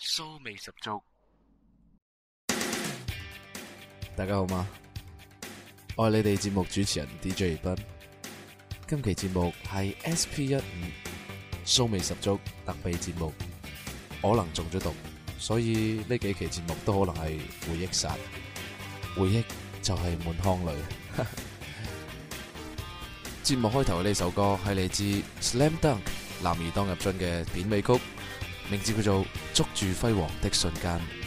酥味十足，大家好嗎？我係你哋節目主持人 D. J. 斌，今期節目係 S. P. 一五酥味十足特備節目，可能中咗毒，所以呢幾期節目都可能係回憶殺。回憶就係滿眶淚。節目開頭嘅呢首歌係嚟自《Slam Dunk》，男兒當入樽嘅片尾曲，名字叫做。抓住輝煌的瞬間。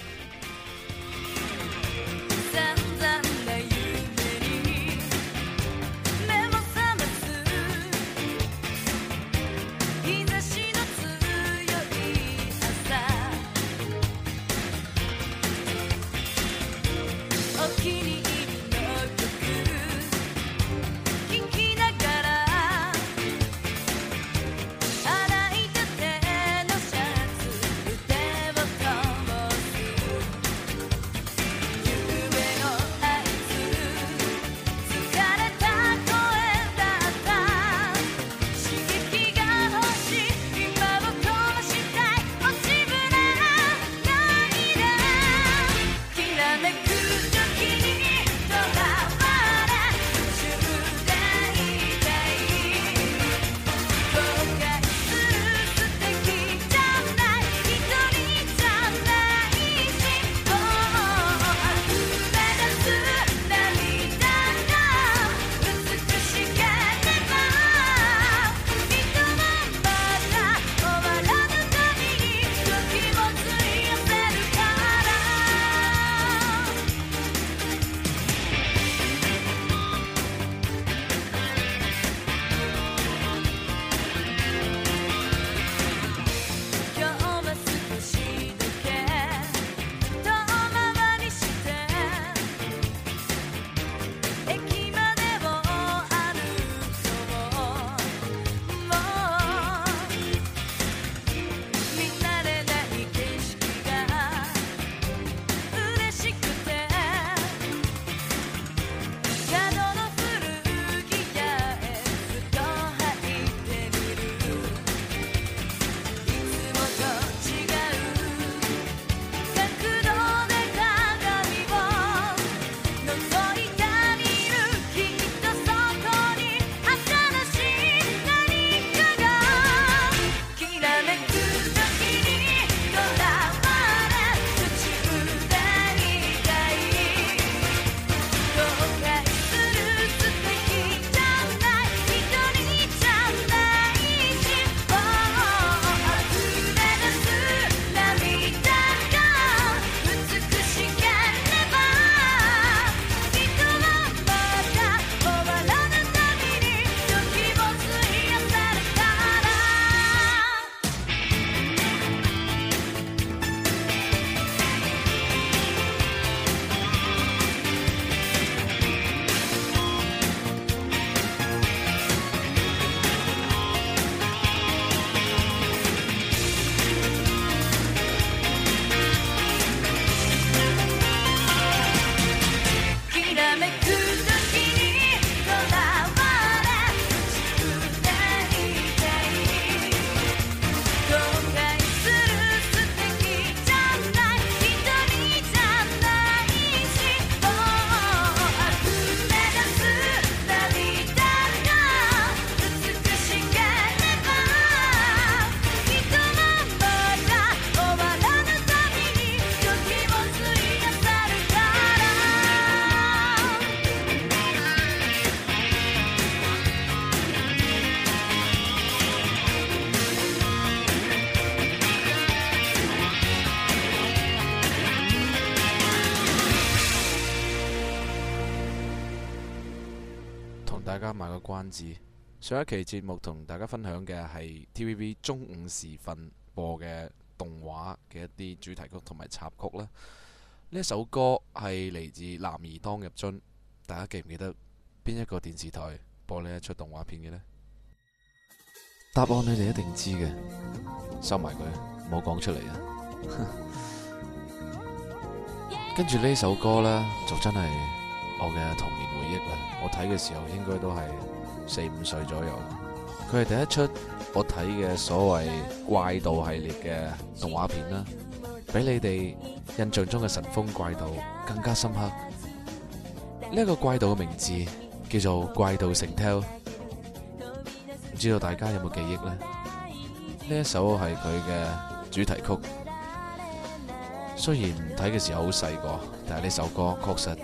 上一期節目同大家分享嘅係 TVB 中午時分播嘅動畫嘅一啲主題曲同埋插曲啦。呢一首歌係嚟自《男兒當入樽》，大家記唔記得邊一個電視台播呢一出動畫片嘅呢？答案你哋一定知嘅，收埋佢，唔好講出嚟啊！跟住呢首歌咧，就真係我嘅童年回憶啦。我睇嘅時候應該都係。四五歲左右，佢係第一出我睇嘅所謂怪盜系列嘅動畫片啦，比你哋印象中嘅神風怪盜更加深刻。呢一個怪盜嘅名字叫做怪盜成 tell，唔知道大家有冇記憶呢？呢一首係佢嘅主題曲，雖然睇嘅時候好細個，但係呢首歌確實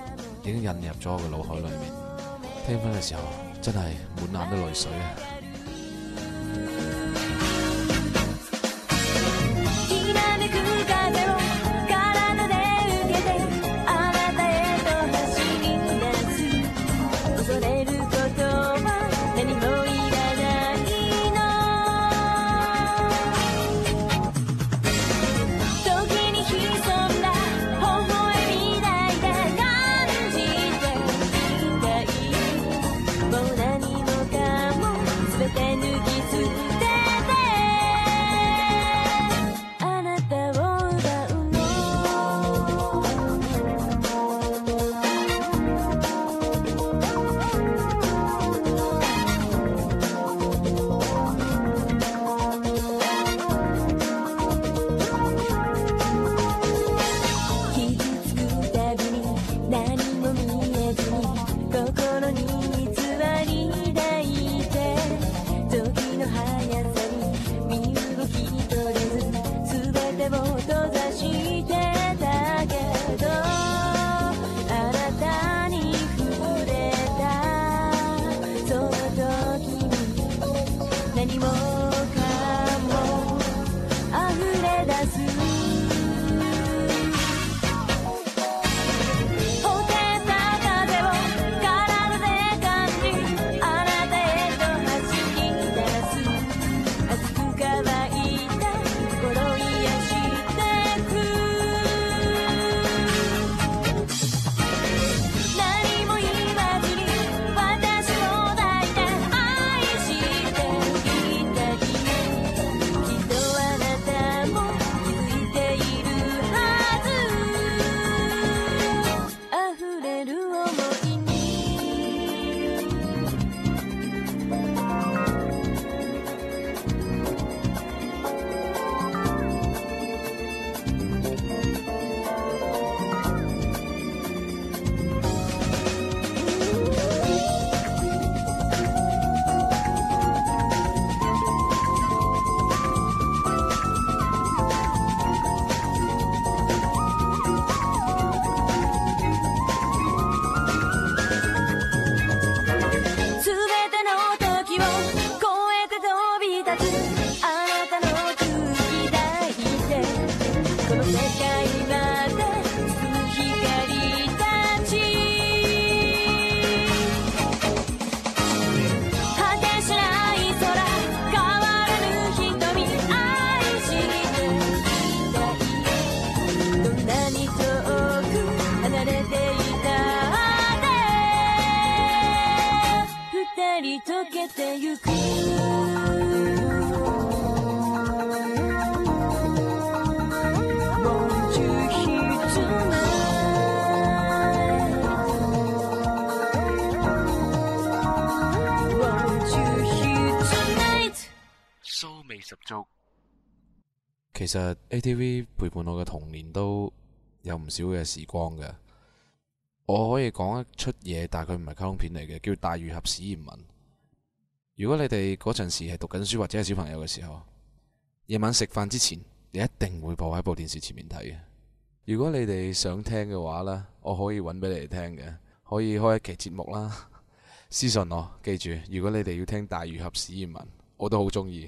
已經印入咗我嘅腦海裏面。聽翻嘅時候，真係滿眼都淚水啊！其實 ATV 陪伴我嘅童年都有唔少嘅時光嘅，我可以講一出嘢，但係佢唔係卡通片嚟嘅，叫《大魚俠史艷文》。如果你哋嗰陣時係讀緊書或者係小朋友嘅時候，夜晚食飯之前，你一定會播喺部電視前面睇嘅。如果你哋想聽嘅話呢，我可以揾俾你哋聽嘅，可以開一期節目啦。私 信我，記住，如果你哋要聽《大魚俠史艷文》，我都好中意。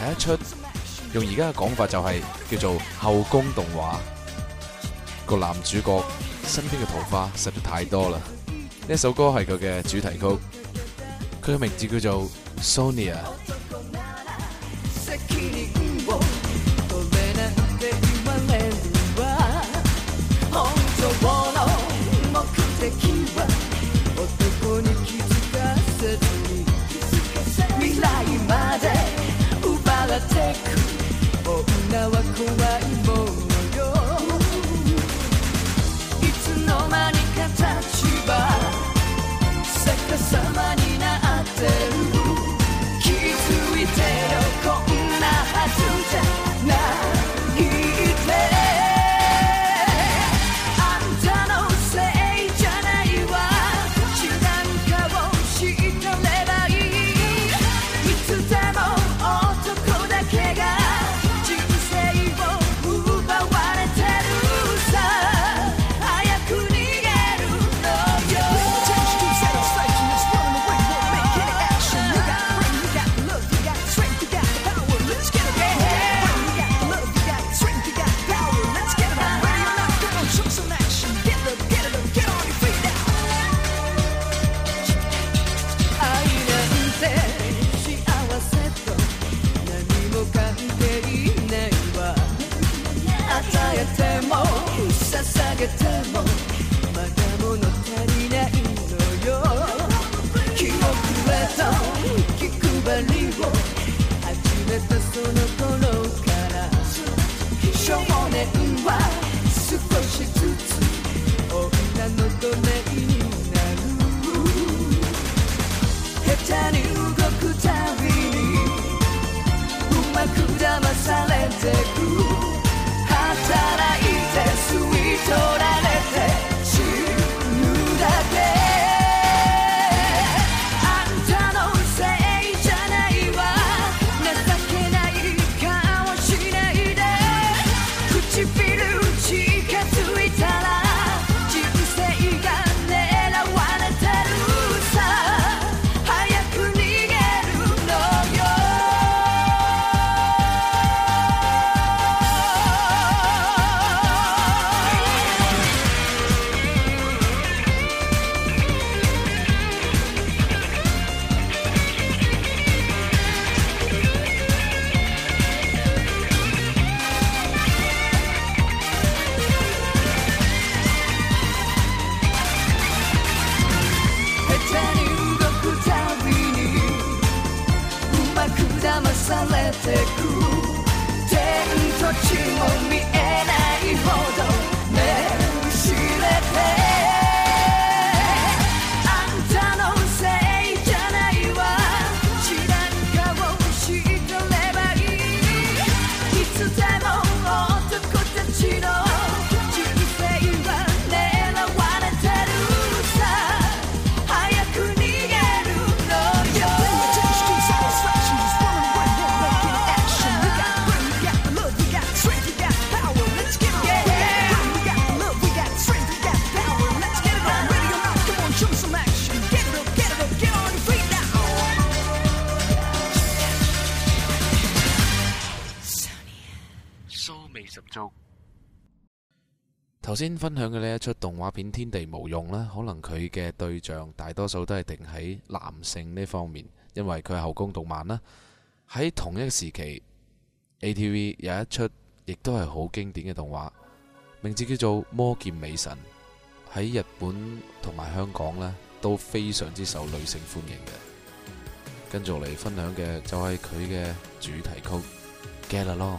第一出用而家嘅講法就係叫做後宮動畫，個男主角身邊嘅桃花實在太多啦。呢首歌係佢嘅主題曲，佢嘅名字叫做 Sonia。先分享嘅呢一出動畫片《天地無用》啦，可能佢嘅對象大多數都係定喺男性呢方面，因為佢係後宮動漫啦。喺同一時期，ATV 有一出亦都係好經典嘅動畫，名字叫做《魔劍美神》，喺日本同埋香港呢都非常之受女性歡迎嘅。跟住我嚟分享嘅就係佢嘅主題曲《Get Along》。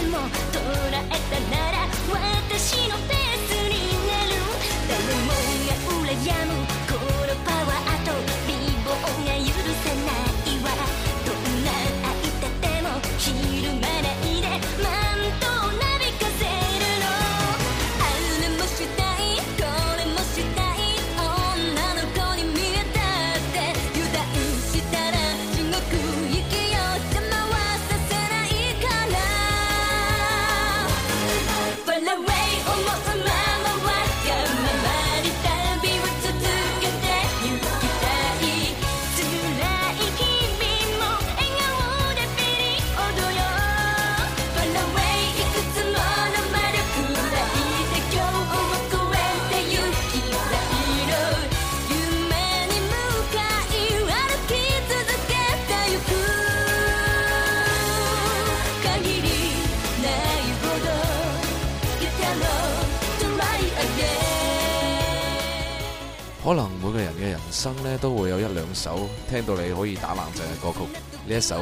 可能每個人嘅人生呢，都會有一兩首聽到你可以打冷震嘅歌曲，呢一首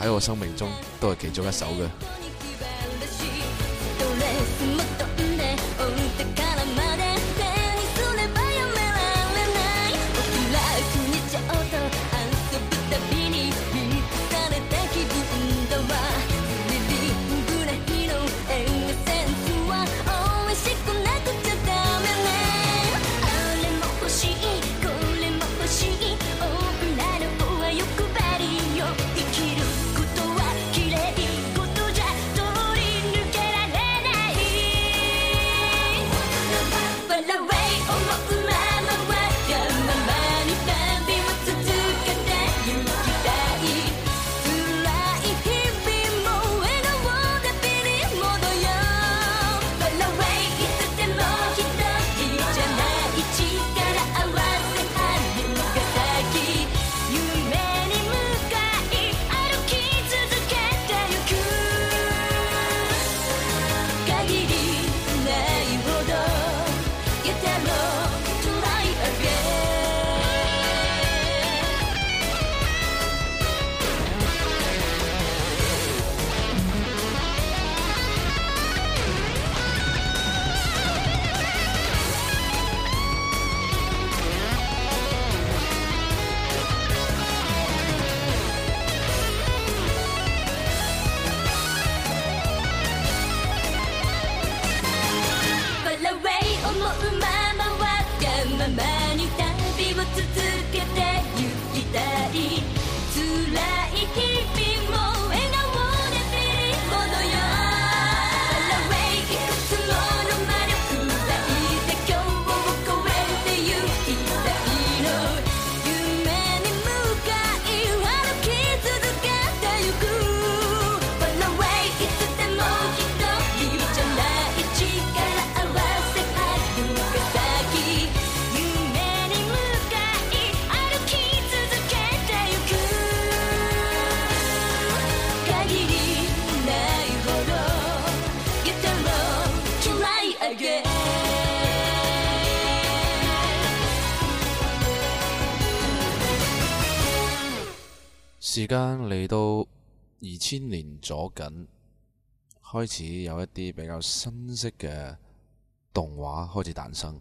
喺我生命中都係其中一首嘅。時間嚟到二千年左右，開始有一啲比較新式嘅動畫開始誕生。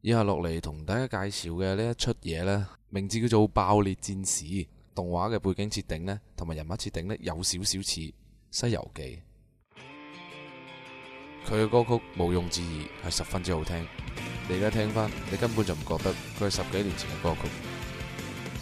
以下落嚟同大家介紹嘅呢一出嘢呢，名字叫做《爆裂戰士》。動畫嘅背景設定呢，同埋人物設定呢，有少少似《西遊記》。佢 嘅樂歌曲毋庸置疑係十分之好聽。你而家聽翻，你根本就唔覺得佢係十幾年前嘅歌曲。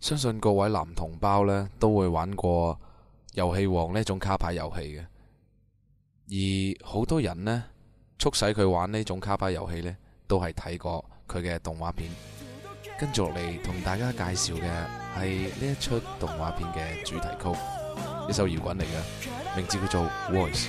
相信各位男同胞呢都會玩過遊戲王呢種卡牌遊戲嘅，而好多人呢促使佢玩呢種卡牌遊戲呢都係睇過佢嘅動畫片。跟住落嚟同大家介紹嘅係呢一出動畫片嘅主題曲，呢首搖滾嚟嘅，名字叫做《Voice》。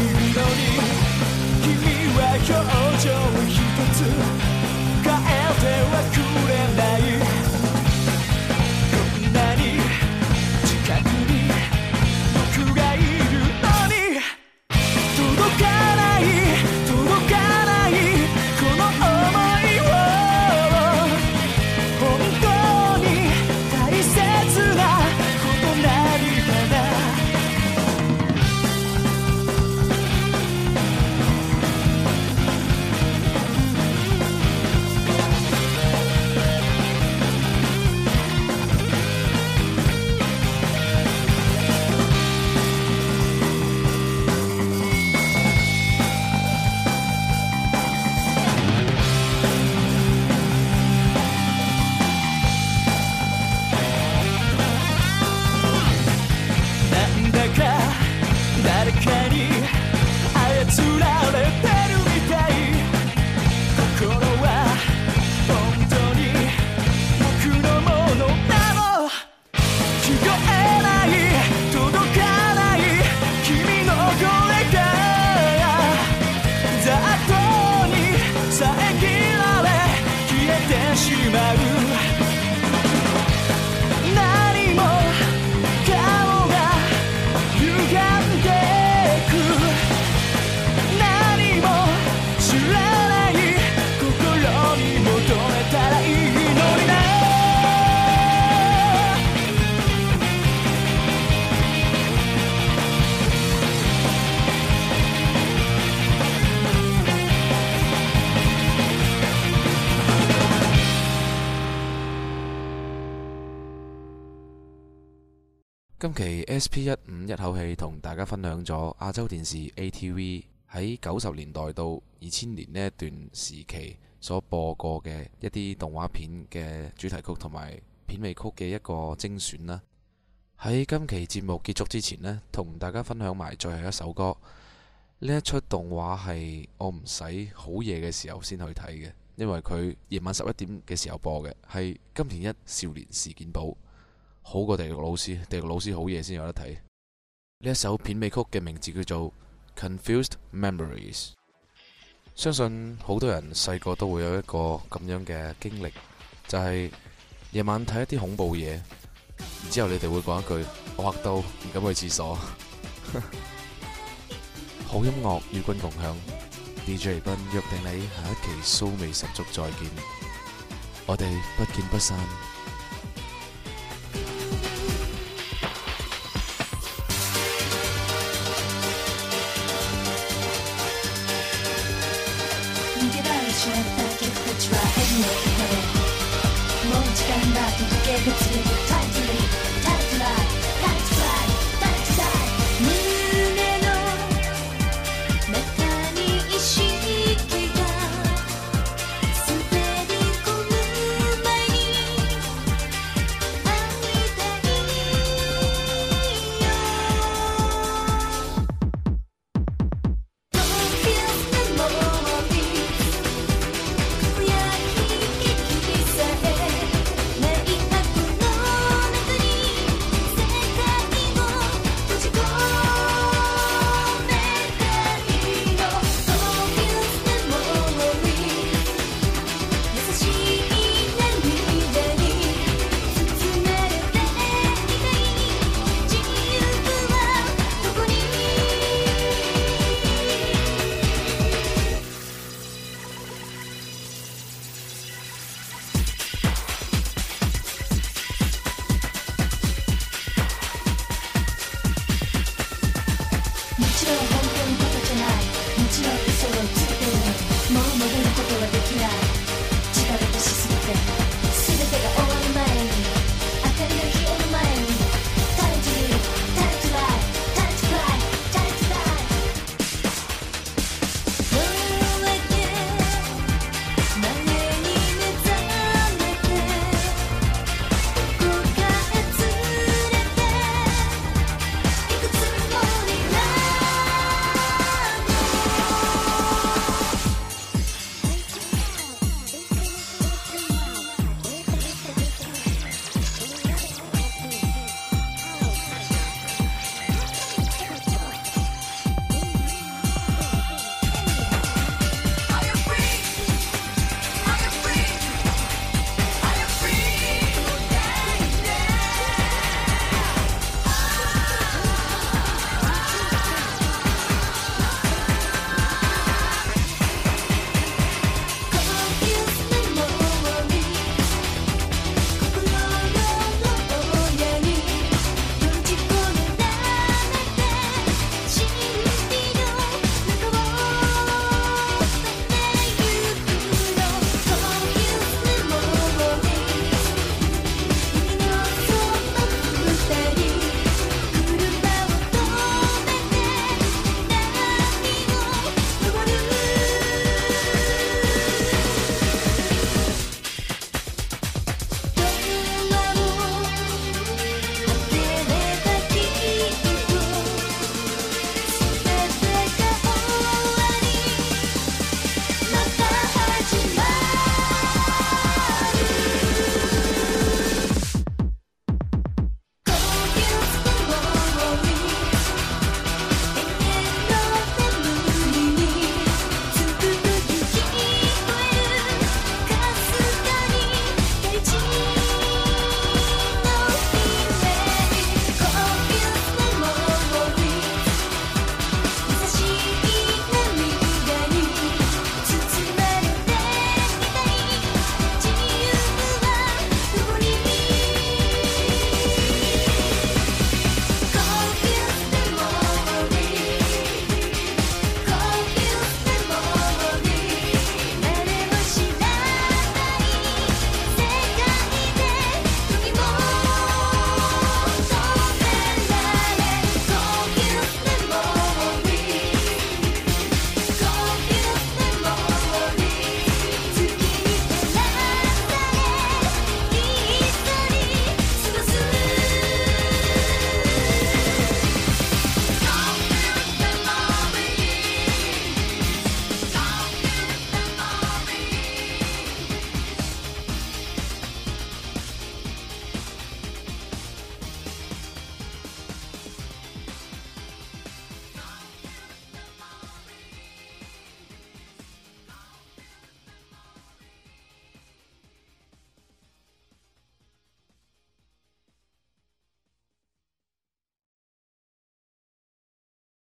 今期 S P 一五一口氣同大家分享咗亞洲電視 A T V 喺九十年代到二千年呢一段時期所播過嘅一啲動畫片嘅主題曲同埋片尾曲嘅一個精選啦。喺今期節目結束之前呢，同大家分享埋最後一首歌。呢一出動畫係我唔使好夜嘅時候先去睇嘅，因為佢夜晚十一點嘅時候播嘅，係《金田一少年事件簿》。好過地獄老師，地獄老師好嘢，先有得睇。呢一首片尾曲嘅名字叫做《Confused Memories》。相信好多人細個都會有一個咁樣嘅經歷，就係、是、夜晚睇一啲恐怖嘢，之後你哋會講一句：我嚇到唔敢去廁所。 好音樂與君共享，DJ 斌約定你下一期騷味十足再見，我哋不見不散。